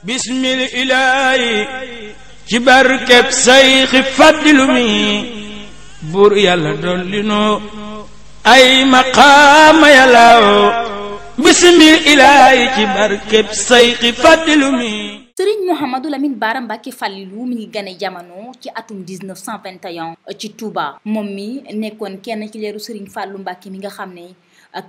bismil ilaahi ci barkeb sayxi fàddilu mi buur yàlla dolli nu ay maqaama yàllaaw bismil ilaahi ci barkeb sayxi fàddilu mi sëriñ Mouhamadou Lamine Bara Mbacke Fallilou mi ngi gane jamono ci atum 1921 ci Touba moom mi nekkoon kenn ci leeru sëriñ Fallou Mbacke mi nga xam ne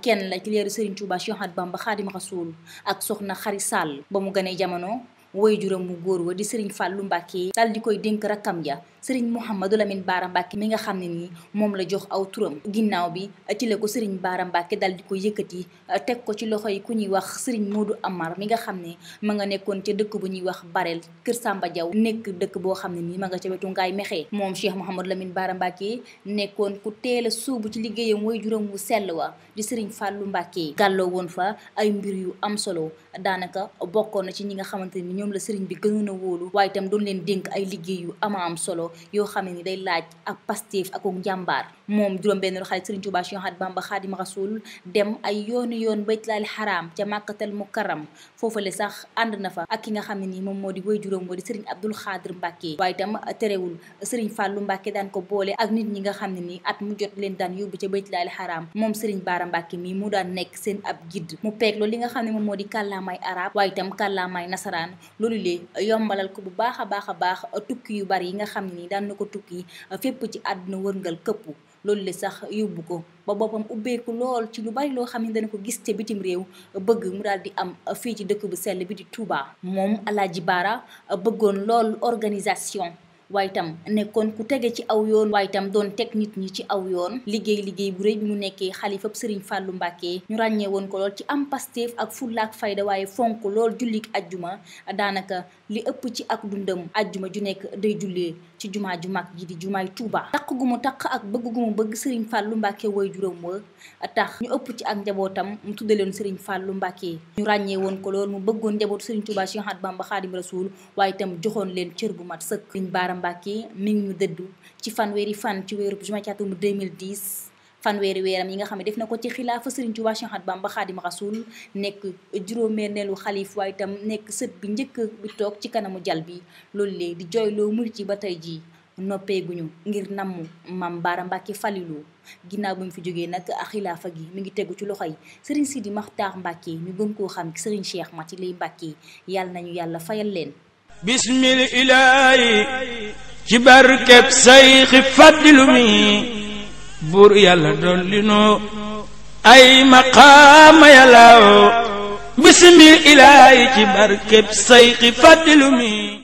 kenn la ci leeru Serigne Touba Cheikh Ahmadou xaadima Xaadimu Rasuul ak soxna Xari Sall ba mu gënee jamono woy juróom bu góor wa di sëriñ Fàllu Mbàkke dal di koy dénk rakkam ja sëriñ Mouhamadou Lamine Baara Mbàkke mi nga xam ne nii moom la jox aw turam ginnaaw bi ci la ko sëriñ Baara Mbàkke dal di ko yëkkati teg ko ci loxo yi ku ñuy wax sëriñ moo du Amar mi nga xam ne ma nga nekkoon ca dëkk bu ñuy wax bareel Kër Samba Jaw nekk dëkk boo xam ne nii ma nga ca wetu Ngaay Mexe moom Cheikh Mouhamadou Lamine Baara Mbàkke nekkoon ku teel a suubu ci liggéeyam woy juróom wu sell wa di sëriñ Fàllu Mbàkke gàlloo woon fa ay mbir yu am solo ñoom la sëriñ bi gënoon na wóolu waaye tam doon leen dénk ay liggéeyu yu am solo yoo xam ne ni day laaj ak pastéef ak ak njàmbaar moom juróom-benneelu xarit sëriñ Tuubaa Cheikh Ahmadu Bamba Xaadimu Rasuul dem ay yoonu yoon baytulaali xaraam ca màkkatal mukarram foofale sax ànd na fa ak ki nga xam ne ni moom moo di way juróom moo di sëriñ Abdul Xaadir Mbàkke waaye terewul sëriñ Fàllu Mbàkke daan ko boole ak nit ñi nga xam ne ni at mu leen daan yóbbu ca baytulaali xaraam moom sëriñ Baara Mbàkke mi mu daan nekk seen ab gidd mu peeg loolu li nga xam ne moom moo di kàllaamay arab waaye itam kàllaamay nasaraan loolu lee yombalal ko bu baax a baax a baax tukki yu bari yi nga xam ni daan na ko tukki fépp ci àdduna wërngal këpp loolu le sax yóbbu ko ba boppam ubbeeku lool ci lu bari loo xam ne dana ko gis te bitim réew bëgg mu daal di am fii ci dëkk bu sell bi di Touba. moom Alaaji Baara bëggoon lool organisation waaye tam nekkoon ku tege ci aw yoon waaye tam doon teg nit ñi ci aw yoon liggéey liggéey bu rëy bi mu nekkee xalifab sëriñ Fàllu Mbàkke ñu ràññee woon ko ci am pasteef ak fullaak fayda waaye fonk lool jullik ajjuma daanaka li ëpp ci ak dundam ajjuma ju nekk day jullee ci jumaa ju mag ji di jumaay Tuuba taq gu taq ak bëgg mu bëgg sëriñ Fàllu Mbàkke way juróom wa tax ñu ëpp ci ak njabootam mu tudde leen sëriñ Fàllu Mbàkke ñu ràññee woon ko lool mu bëggoon njabootu sëriñ Tuuba Cheikh Ahmadou Bamba Xaadim Rasuul waaye tam joxoon leen cër bu mat sëkk Mbacke mi ngi ñu dëddu ci fanweeri fan ci weeru juin ci atum 2010 fanweeri weeram yi nga xam ne def na ko ci xilaafa Serigne Touba Cheikh Ahmadou Bamba Khadim Rasoul nekk juróomeneelu xalif waaye itam nekk sët bi njëkk bi toog ci kanamu jal bi loolu lee di jooyloo murit ci ba tey jii noppeeguñu ngir namm Mame Bara Mbacke Falilou ginnaaw bi mu fi jógee nag a xilaafa gi mi ngi tegu ci loxoy Serigne Sidi Makhtar Mbacke ñu gën koo xam Serigne Cheikh Mati lay Mbacke yàlla nañu yàlla fayal leen bismil ilaahi ci barkeb sayxi faddilu mi buur yàlla dolli noo ay maqaama yàlla bismil ilaahi ci barkeb sayxi faddilu mi